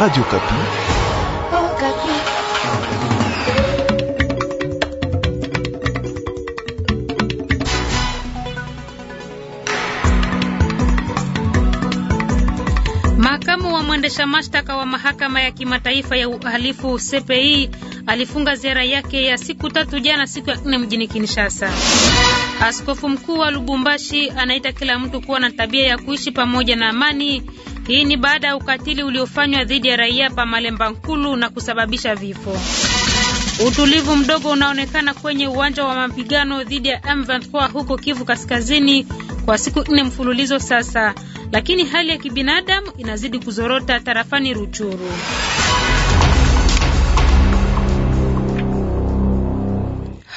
Radio Kapi. Oh, Kapi. Makamu wa mwendesha mashtaka wa mahakama ya kimataifa ya uhalifu CPI alifunga ziara yake ya siku tatu jana siku ya nne mjini Kinshasa. Askofu mkuu wa Lubumbashi anaita kila mtu kuwa na tabia ya kuishi pamoja na amani hii ni baada ya ukatili uliofanywa dhidi ya raia pa Malemba Nkulu na kusababisha vifo. Utulivu mdogo unaonekana kwenye uwanja wa mapigano dhidi ya M23 huko Kivu Kaskazini kwa siku nne mfululizo sasa, lakini hali ya kibinadamu inazidi kuzorota tarafani Ruchuru.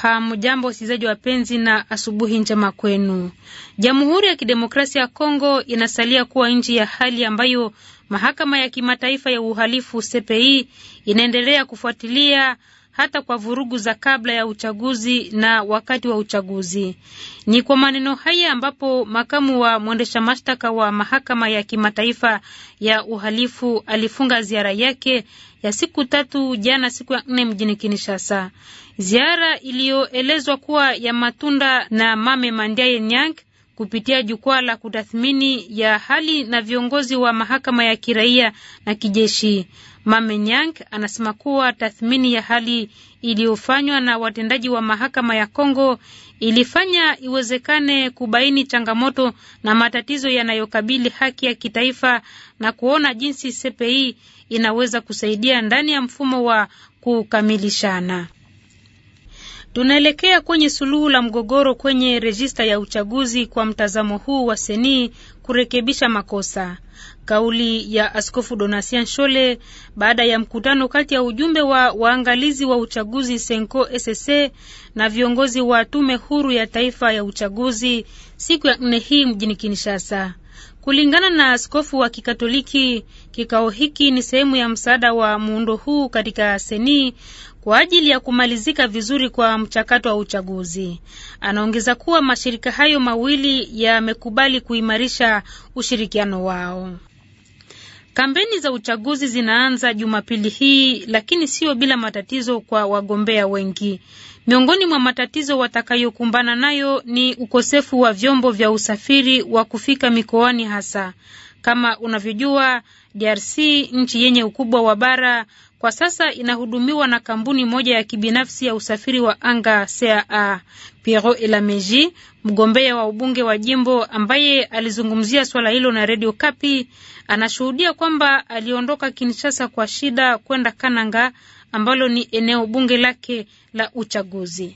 Hamjambo wasikilizaji wapenzi, na asubuhi njema kwenu. Jamhuri ya Kidemokrasia ya Kongo inasalia kuwa nchi ya hali ambayo mahakama ya kimataifa ya uhalifu CPI inaendelea kufuatilia hata kwa vurugu za kabla ya uchaguzi na wakati wa uchaguzi. Ni kwa maneno haya ambapo makamu wa mwendesha mashtaka wa mahakama ya kimataifa ya uhalifu alifunga ziara yake ya siku tatu jana, siku ya nne mjini Kinshasa, ziara iliyoelezwa kuwa ya matunda na Mame Mandiaye Nyang kupitia jukwaa la kutathmini ya hali na viongozi wa mahakama ya kiraia na kijeshi. Mamenyang anasema kuwa tathmini ya hali iliyofanywa na watendaji wa mahakama ya Kongo ilifanya iwezekane kubaini changamoto na matatizo yanayokabili haki ya kitaifa na kuona jinsi CPI inaweza kusaidia ndani ya mfumo wa kukamilishana. Tunaelekea kwenye suluhu la mgogoro kwenye rejista ya uchaguzi kwa mtazamo huu wa Seni kurekebisha makosa. Kauli ya Askofu Donatien Shole baada ya mkutano kati ya ujumbe wa waangalizi wa uchaguzi Senko SSC na viongozi wa tume huru ya taifa ya uchaguzi siku ya nne hii mjini Kinshasa. Kulingana na askofu wa Kikatoliki, kikao hiki ni sehemu ya msaada wa muundo huu katika Seni kwa ajili ya kumalizika vizuri kwa mchakato wa uchaguzi. Anaongeza kuwa mashirika hayo mawili yamekubali kuimarisha ushirikiano wao. Kampeni za uchaguzi zinaanza Jumapili hii, lakini sio bila matatizo kwa wagombea wengi. Miongoni mwa matatizo watakayokumbana nayo ni ukosefu wa vyombo vya usafiri wa kufika mikoani hasa. Kama unavyojua, DRC nchi yenye ukubwa wa bara kwa sasa inahudumiwa na kampuni moja ya kibinafsi ya usafiri wa anga CAA. Piero Elameji, mgombea wa ubunge wa jimbo ambaye alizungumzia swala hilo na redio Kapi, anashuhudia kwamba aliondoka Kinshasa kwa shida kwenda Kananga ambalo ni eneo bunge lake la uchaguzi.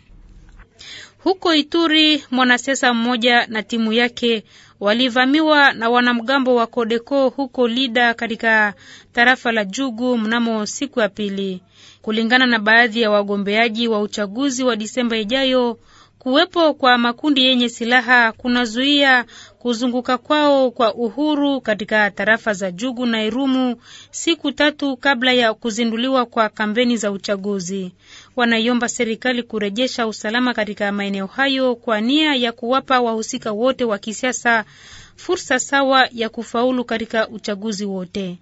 Huko Ituri, mwanasiasa mmoja na timu yake walivamiwa na wanamgambo wa Kodeko huko Lida katika tarafa la Jugu mnamo siku ya pili. Kulingana na baadhi ya wagombeaji wa uchaguzi wa Disemba ijayo, kuwepo kwa makundi yenye silaha kunazuia kuzunguka kwao kwa uhuru katika tarafa za Jugu na Irumu siku tatu kabla ya kuzinduliwa kwa kampeni za uchaguzi wanaiomba serikali kurejesha usalama katika maeneo hayo kwa nia ya kuwapa wahusika wote wa kisiasa fursa sawa ya kufaulu katika uchaguzi wote.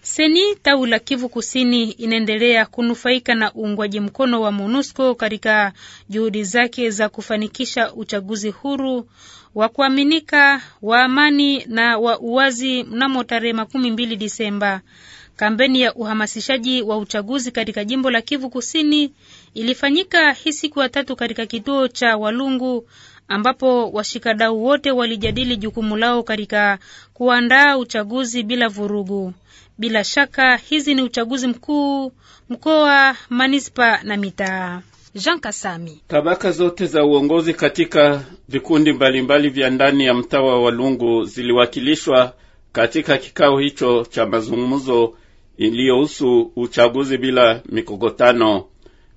Seni tawi la Kivu Kusini inaendelea kunufaika na uungwaji mkono wa MONUSCO katika juhudi zake za kufanikisha uchaguzi huru wa kuaminika, wa amani na wa uwazi mnamo tarehe makumi mbili Disemba. Kampeni ya uhamasishaji wa uchaguzi katika jimbo la Kivu Kusini ilifanyika hii siku ya tatu katika kituo cha Walungu ambapo washikadau wote walijadili jukumu lao katika kuandaa uchaguzi bila vurugu. Bila shaka hizi ni uchaguzi mkuu, mkoa, manispa na mitaa. Jean Kasami. Tabaka zote za uongozi katika vikundi mbalimbali vya ndani ya mtaa wa Walungu ziliwakilishwa katika kikao hicho cha mazungumzo iliyohusu uchaguzi bila mikogotano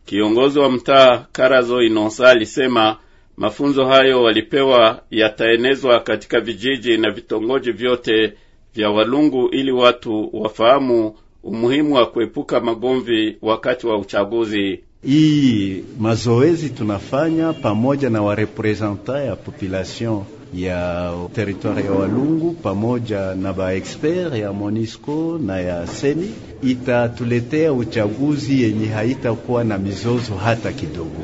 Kiongozi wa mtaa Karazo inosa alisema mafunzo hayo walipewa yataenezwa katika vijiji na vitongoji vyote vya Walungu ili watu wafahamu umuhimu wa kuepuka magomvi wakati wa uchaguzi. Hii mazoezi tunafanya pamoja na wareprezanta ya population ya teritwari ya Walungu pamoja na baexpert ya Monisco na ya Seni itatuletea uchaguzi yenye haitakuwa na mizozo hata kidogo.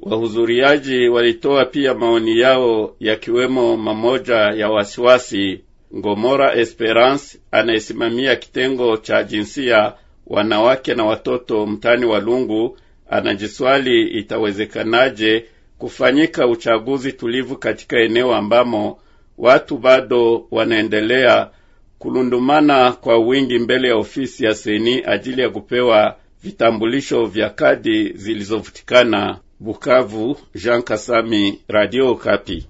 Wahudhuriaji walitoa pia maoni yao yakiwemo mamoja ya wasiwasi. Ngomora Esperance anayesimamia kitengo cha jinsia wanawake na watoto mtani Walungu anajiswali itawezekanaje kufanyika uchaguzi tulivu katika eneo ambamo watu bado wanaendelea kulundumana kwa wingi mbele ya ofisi ya seni ajili ya kupewa vitambulisho vya kadi zilizovutikana. Bukavu, Jean Kasami, Radio Kapi.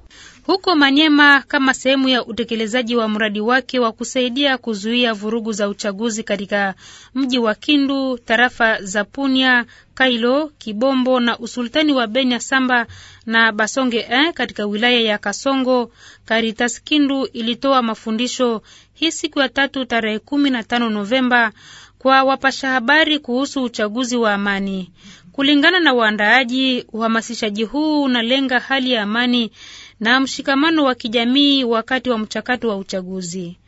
Huko Manyema, kama sehemu ya utekelezaji wa mradi wake wa kusaidia kuzuia vurugu za uchaguzi katika mji wa Kindu, tarafa za Punia, Kailo, Kibombo na usultani wa Benya Samba na Basonge eh, katika wilaya ya Kasongo, karitas Kindu ilitoa mafundisho hii siku ya tatu tarehe kumi na tano Novemba kwa wapasha habari kuhusu uchaguzi wa amani. Kulingana na waandaaji, uhamasishaji huu unalenga hali ya amani na mshikamano wa kijamii wakati wa mchakato wa uchaguzi.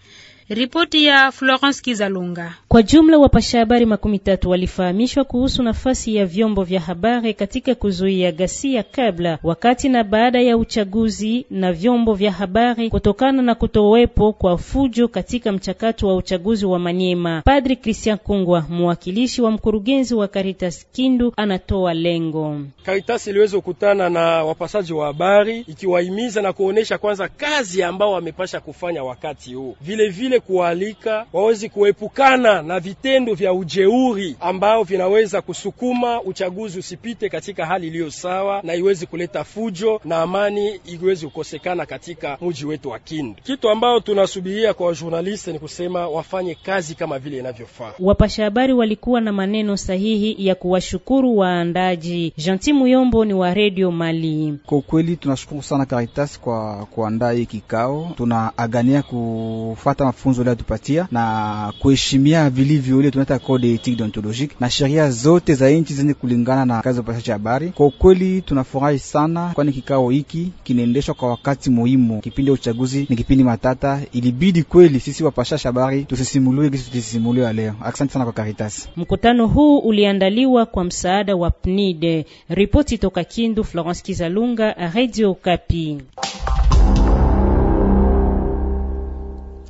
Ripoti ya Florence Kizalunga. Kwa jumla wapasha habari makumi tatu walifahamishwa kuhusu nafasi ya vyombo vya habari katika kuzuia ghasia kabla, wakati na baada ya uchaguzi na vyombo vya habari kutokana na kutowepo kwa fujo katika mchakato wa uchaguzi wa Maniema. Padri Christian Kungwa, mwakilishi wa mkurugenzi wa Caritas Kindu, anatoa lengo. Caritas iliweza kukutana na wapasaji wa habari ikiwahimiza na kuonesha kwanza kazi ambao wamepasha kufanya wakati huu. Vile vile vile kualika waweze kuepukana na vitendo vya ujeuri ambao vinaweza kusukuma uchaguzi usipite katika hali iliyo sawa na iwezi kuleta fujo na amani iwezi kukosekana katika mji wetu wa Kindu. Kitu ambao tunasubiria kwa wajurnaliste ni kusema wafanye kazi kama vile inavyofaa. Wapasha habari walikuwa na maneno sahihi ya kuwashukuru waandaji. janti Muyombo ni wa Radio Mali. Kwa ukweli tunashukuru sana Caritas kwa kuandaa hii kikao, tunaagania kufata mafunzo leo tupatia na kuheshimia vilivyo ile tunaita code ethique deontologique na sheria zote za nchi zenye kulingana na kazi ya upashaji habari. Kwa ukweli tunafurahi sana, kwani kikao hiki kinaendeshwa kwa wakati muhimu. Kipindi ya uchaguzi ni kipindi matata, ilibidi kweli sisi wapashaji habari tusisimulie kisi tutisimuliwa leo. Asante sana kwa Caritas. Mkutano huu uliandaliwa kwa msaada wa PNID. Ripoti toka Kindu, Florence Kizalunga, Radio Kapi.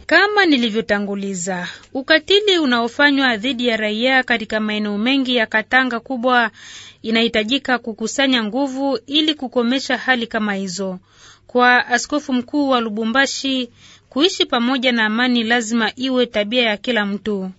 Kama nilivyotanguliza, ukatili unaofanywa dhidi ya raia katika maeneo mengi ya Katanga kubwa inahitajika kukusanya nguvu ili kukomesha hali kama hizo. Kwa askofu mkuu wa Lubumbashi, kuishi pamoja na amani lazima iwe tabia ya kila mtu.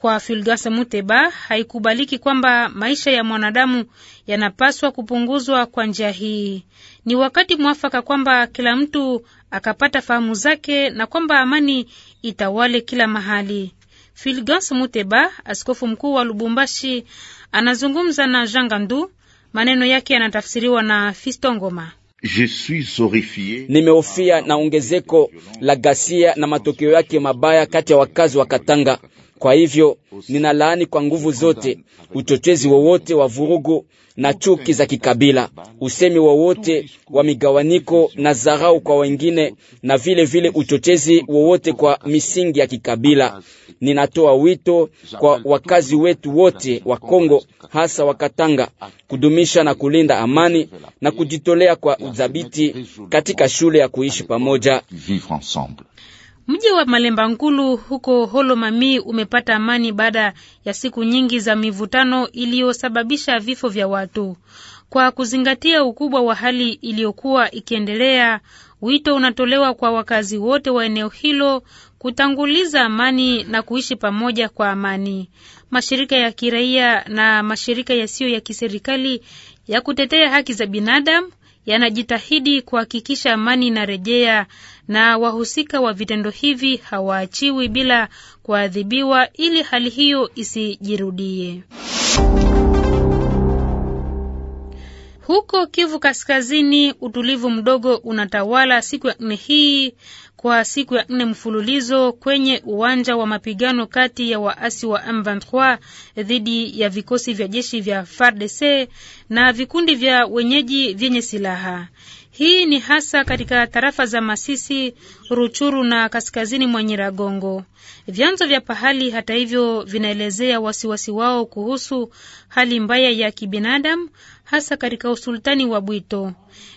Kwa Fulgence Muteba, haikubaliki kwamba maisha ya mwanadamu yanapaswa kupunguzwa kwa njia hii. Ni wakati mwafaka kwamba kila mtu akapata fahamu zake na kwamba amani itawale kila mahali. Fulgence Muteba, askofu mkuu wa Lubumbashi, anazungumza na Jean Gandu. Maneno yake yanatafsiriwa na Fisto Ngoma. Nimehofia na ongezeko la ghasia na matokeo yake mabaya kati ya wakazi wa Katanga. Kwa hivyo ninalaani kwa nguvu zote uchochezi wowote wa vurugu na chuki za kikabila, usemi wowote wa migawaniko na dharau kwa wengine, na vile vile uchochezi wowote kwa misingi ya kikabila. Ninatoa wito kwa wakazi wetu wote wa Kongo, hasa wa Katanga, kudumisha na kulinda amani na kujitolea kwa udhabiti katika shule ya kuishi pamoja. Mji wa Malemba Nkulu huko holo mami umepata amani baada ya siku nyingi za mivutano iliyosababisha vifo vya watu. Kwa kuzingatia ukubwa wa hali iliyokuwa ikiendelea, wito unatolewa kwa wakazi wote wa eneo hilo kutanguliza amani na kuishi pamoja kwa amani. Mashirika ya kiraia na mashirika yasiyo ya kiserikali ya kutetea haki za binadamu yanajitahidi kuhakikisha amani inarejea, na wahusika wa vitendo hivi hawaachiwi bila kuadhibiwa ili hali hiyo isijirudie. Huko Kivu Kaskazini, utulivu mdogo unatawala siku ya nne hii kwa siku ya nne mfululizo kwenye uwanja wa mapigano kati ya waasi wa M23 dhidi ya vikosi vya jeshi vya FARDC na vikundi vya wenyeji vyenye silaha. Hii ni hasa katika tarafa za Masisi, Ruchuru na kaskazini mwa Nyiragongo. Vyanzo vya pahali, hata hivyo, vinaelezea wasiwasi wao kuhusu hali mbaya ya kibinadamu hasa katika usultani wa Bwito.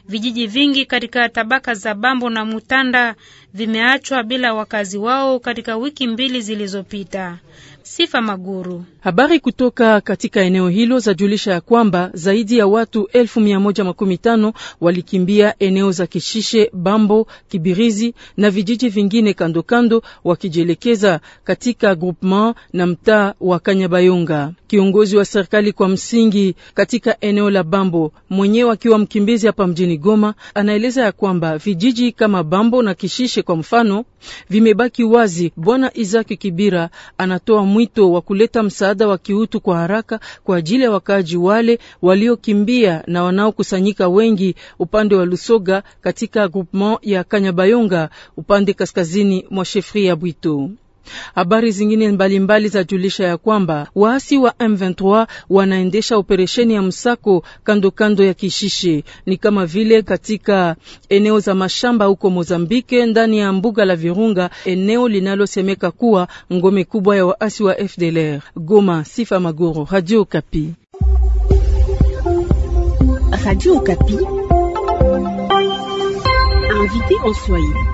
Vijiji vingi katika tabaka za Bambo na Mutanda vimeachwa bila wakazi wao katika wiki mbili zilizopita. Sifa Maguru. Habari kutoka katika eneo hilo zajulisha ya kwamba zaidi ya watu elfu mia moja makumi tano walikimbia eneo za Kishishe, Bambo, Kibirizi na vijiji vingine kandokando, wakijielekeza katika groupement na mtaa wa Kanyabayonga. Kiongozi wa serikali kwa msingi katika eneo la Bambo, mwenyewe akiwa mkimbizi hapa mjini Goma, anaeleza ya kwamba vijiji kama Bambo na Kishishe kwa mfano vimebaki wazi. Bwana Isaki Kibira anatoa mwito wa kuleta msaada wa kiutu kwa haraka kwa ajili ya wakaaji wale waliokimbia na wanaokusanyika wengi upande wa Lusoga katika groupement ya Kanyabayonga upande kaskazini mwa shefri ya Bwito. Habari zingine mbalimbali za julisha ya kwamba waasi wa M23 wanaendesha operesheni ya msako kando kando ya kishishi ni kama vile katika eneo za mashamba huko Mozambike, ndani ya mbuga la Virunga, eneo linalosemeka kuwa ngome kubwa ya waasi wa FDLR. Goma, Sifa Magoro, Radio Kapi. Radio Kapi. Invité en Swahili.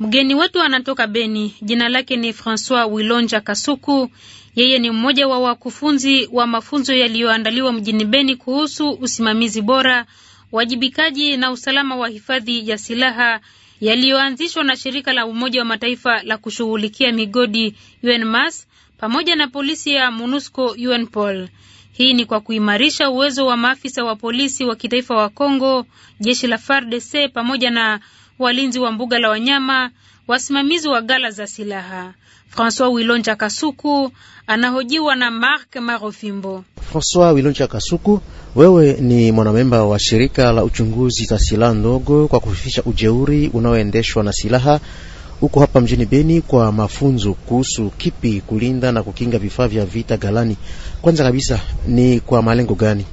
Mgeni wetu anatoka Beni. Jina lake ni Francois Wilonja Kasuku. Yeye ni mmoja wa wakufunzi wa mafunzo yaliyoandaliwa mjini Beni kuhusu usimamizi bora, wajibikaji na usalama wa hifadhi ya silaha yaliyoanzishwa na shirika la Umoja wa Mataifa la kushughulikia migodi UNMAS pamoja na polisi ya MONUSCO UNPOL. Hii ni kwa kuimarisha uwezo wa maafisa wa polisi wa kitaifa wa Kongo, jeshi la FARDC pamoja na walinzi wa mbuga la wanyama, wasimamizi wa gala za silaha. François Wilonja Kasuku anahojiwa na Mark Marofimbo. François Wilonja Kasuku, wewe ni mwanamemba wa shirika la uchunguzi za silaha ndogo kwa kufifisha ujeuri unaoendeshwa na silaha huko hapa mjini Beni kwa mafunzo kuhusu kipi kulinda na kukinga vifaa vya vita galani. Kwanza kabisa ni kwa malengo gani?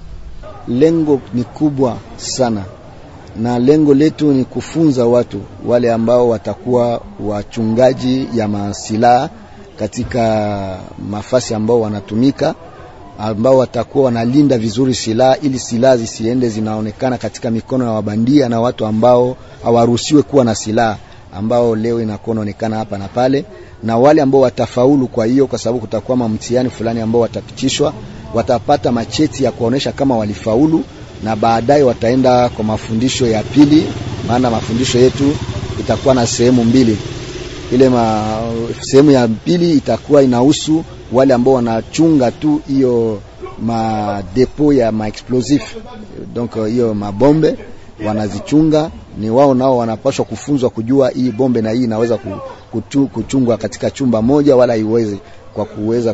Lengo ni kubwa sana na lengo letu ni kufunza watu wale ambao watakuwa wachungaji ya masilaha katika mafasi ambao wanatumika, ambao watakuwa wanalinda vizuri silaha ili silaha zisiende zinaonekana katika mikono ya wabandia na watu ambao hawaruhusiwe kuwa na silaha, ambao leo inakuwa inaonekana hapa na pale, na wale ambao watafaulu. Kwa hiyo kwa sababu kutakuwa mamtihani fulani ambao watapitishwa, watapata macheti ya kuonesha kama walifaulu na baadaye wataenda kwa mafundisho ya pili, maana mafundisho yetu itakuwa na sehemu mbili. Ile ma, sehemu ya pili itakuwa inahusu wale ambao wanachunga tu hiyo madepo ya maexplosif, donc hiyo mabombe wanazichunga ni wao nao wanapaswa kufunzwa kujua hii bombe na hii inaweza kuchungwa katika chumba moja wala iwezi kwa kuweza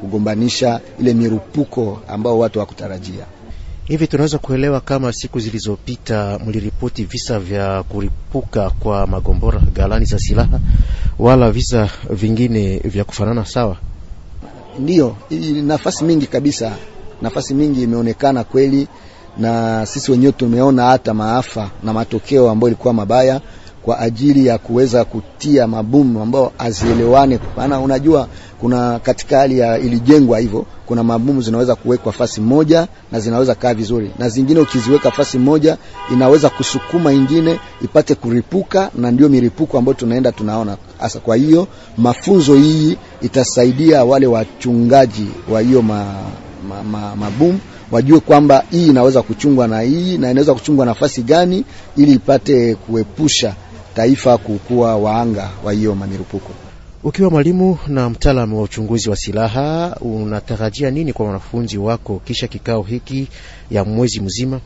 kugombanisha ile mirupuko ambao watu hawakutarajia. Hivi tunaweza kuelewa kama siku zilizopita mliripoti visa vya kuripuka kwa magombora ghalani za silaha wala visa vingine vya kufanana sawa? Ndiyo, nafasi mingi kabisa, nafasi mingi imeonekana kweli, na sisi wenyewe tumeona hata maafa na matokeo ambayo ilikuwa mabaya kwa ajili ya kuweza kutia mabomu ambao azielewane. Maana unajua kuna katika hali ya ilijengwa hivyo, kuna mabomu zinaweza kuwekwa fasi moja na zinaweza kaa vizuri, na zingine ukiziweka fasi moja inaweza kusukuma ingine ipate kuripuka, na ndio miripuko ambayo tunaenda tunaona hasa. Kwa hiyo mafunzo hii itasaidia wale wachungaji wa hiyo ma, ma, ma, mabomu wajue kwamba hii inaweza kuchungwa na hii na inaweza kuchungwa nafasi gani, ili ipate kuepusha taifa kukuwa waanga wa hiyo mamirupuko. Ukiwa mwalimu na mtaalamu wa uchunguzi wa silaha, unatarajia nini kwa wanafunzi wako kisha kikao hiki ya mwezi mzima?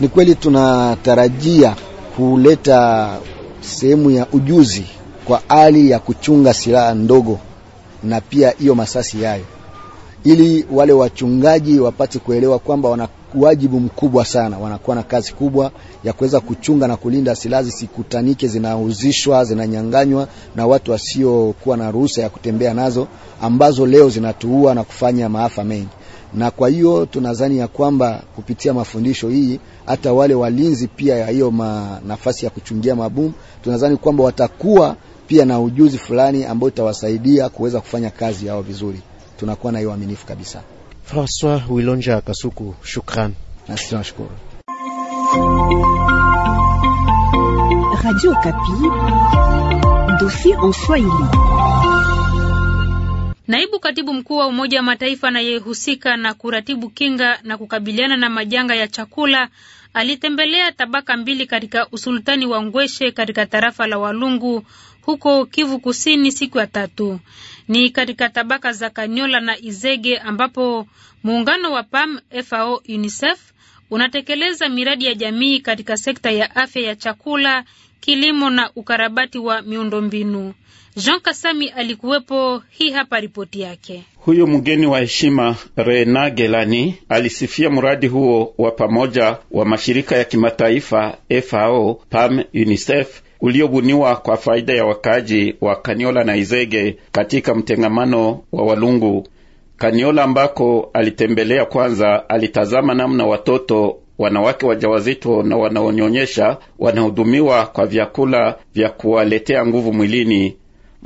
Ni kweli tunatarajia kuleta sehemu ya ujuzi kwa hali ya kuchunga silaha ndogo na pia hiyo masasi yayo, ili wale wachungaji wapate kuelewa kwamba wana wajibu mkubwa sana, wanakuwa na kazi kubwa ya kuweza kuchunga na kulinda silaha zisikutanike, zinauzishwa, zinanyanganywa na watu wasiokuwa na ruhusa ya kutembea nazo, ambazo leo zinatuua na kufanya maafa mengi. Na kwa hiyo tunadhani ya kwamba kupitia mafundisho hii hata wale walinzi pia ya hiyo nafasi ya kuchungia mabomu, tunadhani kwamba watakuwa pia na ujuzi fulani ambao itawasaidia kuweza kufanya kazi yao vizuri. Tunakuwa na hiyo uaminifu kabisa. Francois Wilonja Kasuku, shukran. Nasi tunashukuru Radio Kapi, dofi en Swahili. Naibu katibu mkuu wa Umoja wa Mataifa anayehusika na kuratibu kinga na kukabiliana na majanga ya chakula alitembelea tabaka mbili katika usultani wa Ngweshe katika tarafa la Walungu huko Kivu Kusini siku ya tatu. Ni katika tabaka za Kanyola na Izege ambapo muungano wa PAM FAO UNICEF unatekeleza miradi ya jamii katika sekta ya afya ya chakula, kilimo na ukarabati wa miundombinu. Jean Kasami alikuwepo. Hii hapa ripoti yake. Huyu mgeni wa heshima Rena Gelani alisifia mradi huo wa pamoja wa mashirika ya kimataifa FAO, PAM, UNICEF uliobuniwa kwa faida ya wakaaji wa Kaniola na Izege katika mtengamano wa Walungu. Kaniola ambako alitembelea kwanza, alitazama namna watoto wanawake wajawazito na wanaonyonyesha wanahudumiwa kwa vyakula vya kuwaletea nguvu mwilini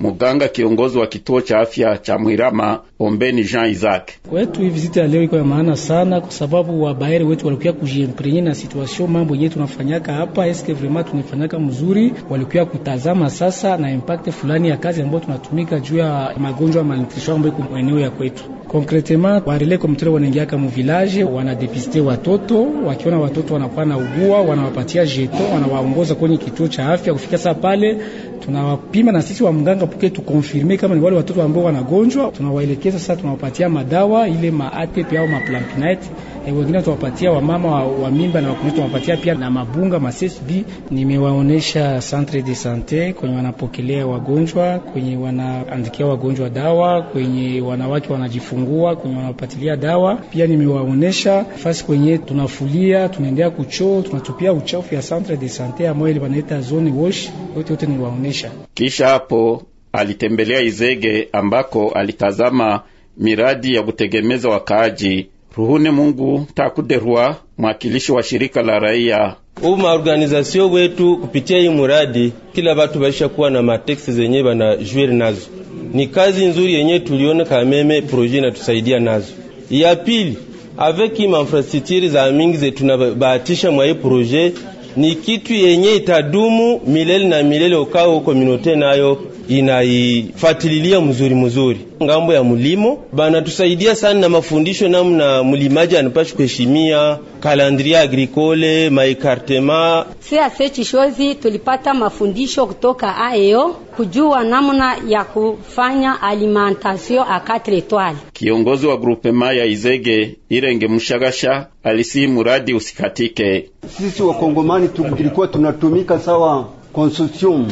muganga kiongozi wa kituo cha afya cha Mwirama Ombeni Jean Isaac. Kwetu hii viziti ya leo iko ya maana sana, kwa sababu wabaere wetu walikuwa kujiemprenye na situation mambo yenyewe tunafanyaka hapa, eske vraiment tunafanyaka mzuri, Walikuwa kutazama sasa na impact fulani ya kazi ambayo tunatumika juu ya magonjwa malnutrition ambayo iko eneo ya kwetu konkretement warele komitere wanaingiaka muvillage wanadepiste watoto, wakiona watoto wanakuwa na ugua, wanawapatia jeton, wanawaongoza kwenye kituo cha afya. Kufika saa pale tunawapima na sisi wa mganga tuke tukonfirme kama ni wale watoto ambao wanagonjwa, tunawaelekeza sasa, tunawapatia madawa ile maatep au maplampinet e, eh, wengine tunawapatia wamama wa, wa mimba na wakunito, tunawapatia pia na mabunga masesb. Nimewaonesha centre de santé kwenye wanapokelea wagonjwa, kwenye wanaandikia wagonjwa dawa, kwenye wanawake wanajifungua, kwenye wanapatilia dawa. Pia nimewaonesha fasi kwenye tunafulia, tunaendea kuchoo, tunatupia uchafu ya centre de sante ambayo ile wanaita zone wash, yote yote niwaonesha kisha hapo alitembelea Izege ambako alitazama miradi ya kutegemeza wakaaji. Ruhune Mungu Takuderwa, mwakilishi wa shirika la raia uma organizasio wetu, kupitia hii muradi kila batu baisha kuwa na mateksi zenye bana jweri nazo. Ni kazi nzuri yenye tuliona kameme proje inatusaidia nazo. Ya pili aveki manfrastrukturi za mingi zetu nabahatisha mwa hii proje ni kitu yenye itadumu milele na milele, ukao kominote nayo inaifatililia mzuri mzuri. Ngambo ya mulimo banatusaidia sana na mafundisho namna mlimaji anapashi kuheshimia kalandria agricole maikartema. Siase shozi. tulipata mafundisho kutoka AEO kujua namna ya kufanya alimentation a quatre etoile. Kiongozi wa grupema ya Izege Irenge Mushagasha alisi muradi usikatike. Sisi wakongomani tulikuwa tunatumika sawa konsortium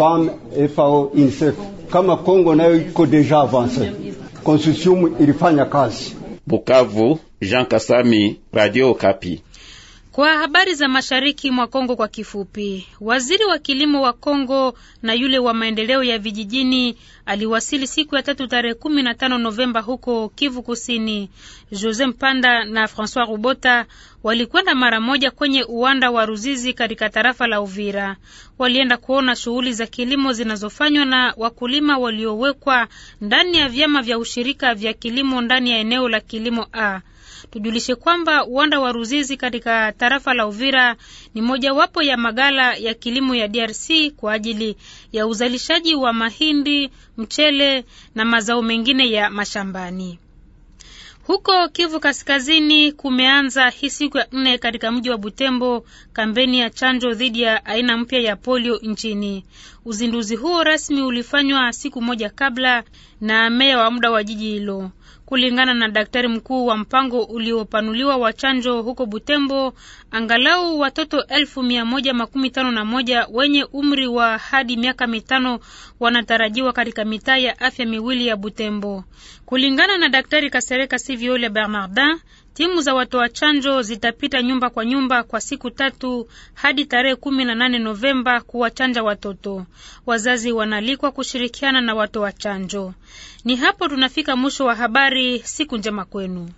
femmes et FAO INSEF. Kama Congo nayo iko deja avance, konsortium ilifanya kazi. Bukavu, Jean Kasami, Radio Kapi. Kwa habari za mashariki mwa Kongo kwa kifupi, waziri wa kilimo wa Kongo na yule wa maendeleo ya vijijini aliwasili siku ya tatu tarehe kumi na tano Novemba huko Kivu Kusini. Jose Mpanda na Francois Rubota walikwenda mara moja kwenye uwanda wa Ruzizi katika tarafa la Uvira. Walienda kuona shughuli za kilimo zinazofanywa na wakulima waliowekwa ndani ya vyama vya ushirika vya kilimo ndani ya eneo la kilimo A. Tujulishe kwamba uwanda wa Ruzizi katika tarafa la Uvira ni mojawapo ya magala ya kilimo ya DRC kwa ajili ya uzalishaji wa mahindi, mchele na mazao mengine ya mashambani. Huko Kivu Kaskazini kumeanza hii siku ya nne katika mji wa Butembo kampeni ya chanjo dhidi ya aina mpya ya polio nchini. Uzinduzi huo rasmi ulifanywa siku moja kabla na meya wa muda wa jiji hilo. Kulingana na daktari mkuu wa mpango uliopanuliwa wa chanjo huko Butembo, angalau watoto elfu mia moja makumi tano na moja wenye umri wa hadi miaka mitano wanatarajiwa katika mitaa ya afya miwili ya Butembo, kulingana na Daktari Kasereka Sivyole Bernardin. Timu za watoa chanjo zitapita nyumba kwa nyumba kwa siku tatu hadi tarehe kumi na nane Novemba kuwachanja watoto. Wazazi wanaalikwa kushirikiana na watoa chanjo. Ni hapo tunafika mwisho wa habari. Siku njema kwenu.